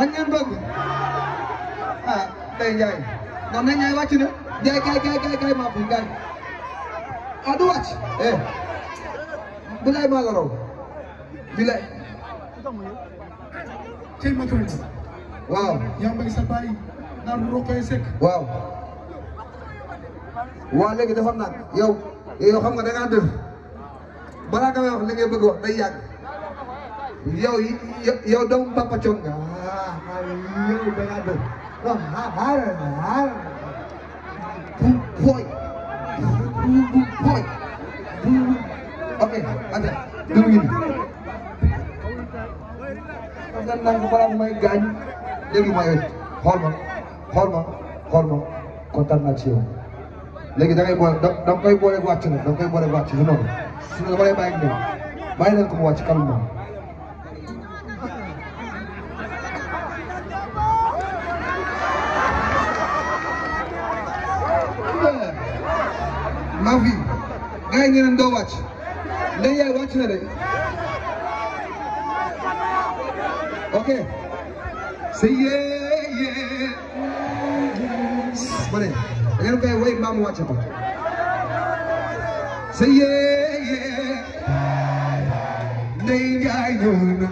lan ngeen bëgg ah Ndeye Ndiaye non Ndeye Ndiaye wàcc na Ndiaye kay kay kay kay maa buy kay ah du wàcc eh maa la raw bilaay cey ma tuuti waaw yaa ngi sa bàyyi naar bu rokkee sekk waaw waaw léegi dafa naan yow yow xam nga da ngaa def balaa nga wax li ngay bëgg wax day yàgg yow yow doomu Papa Thion nga ah, yow da ngaa doon non xaaral ah, ah, xaaral bu booy bu booy bu ok ok déglu ngeen parce que naan balaa may gaañ déglu ma yow xool ma xool ma xool ma kontaan naa ci yow léegi da ngay boole da da nga koy boole wàcc na da nga koy boole wàcc si noonu su ma lay bàyyi ak ñoom bàyyi leen ko mu wàcc calmement maa ngi fi gars yi ngeen doo wàcc ndey yaay wàcc na de ok c'est yee yee ma ne da ngeen koy woy maamu wàcce ko c'est yee yee ndey yaay ñëw na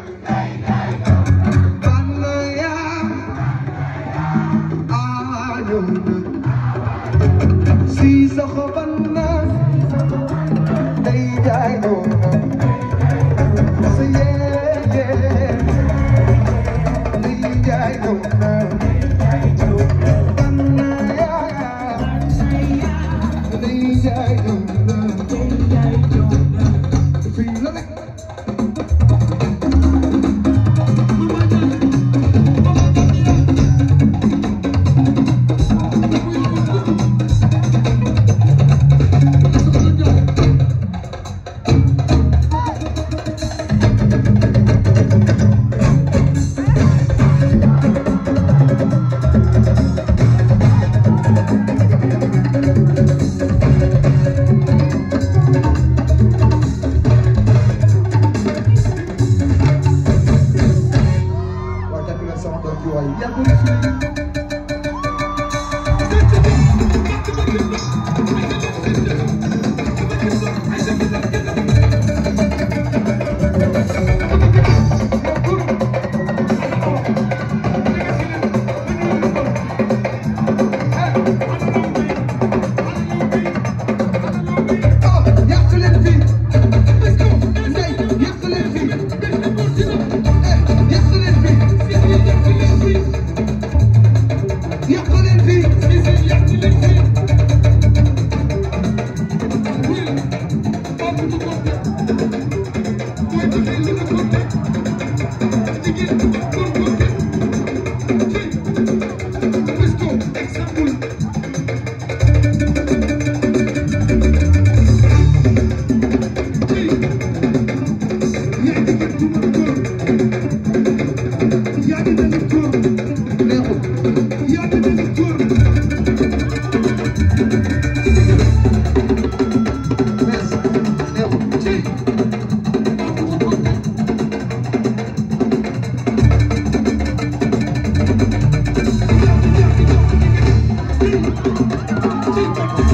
Thank you.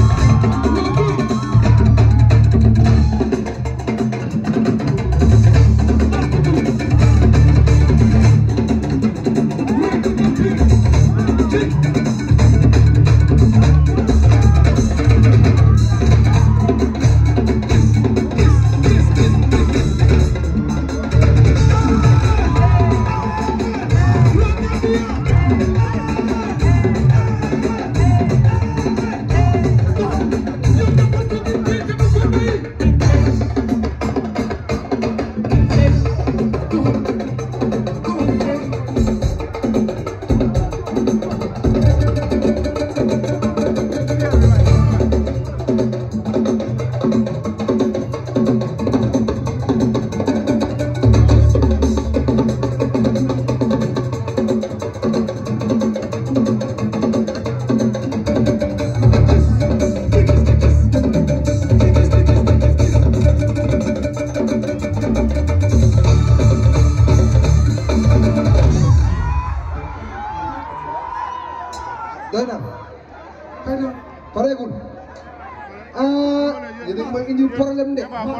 problème de ah ku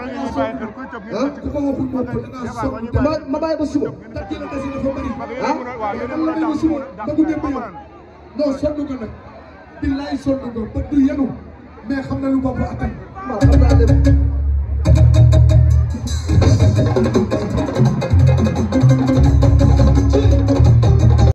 ko waxul moom da ngaa soog ma ma bàyyi ba suba tàkkee la tasi dafa bëri ah mais man la bàyyi ba suba ba mu dem ba yow non sonn nga nag billaay sonn nga ba du yenu mais xam na lu bopp attan Thank you.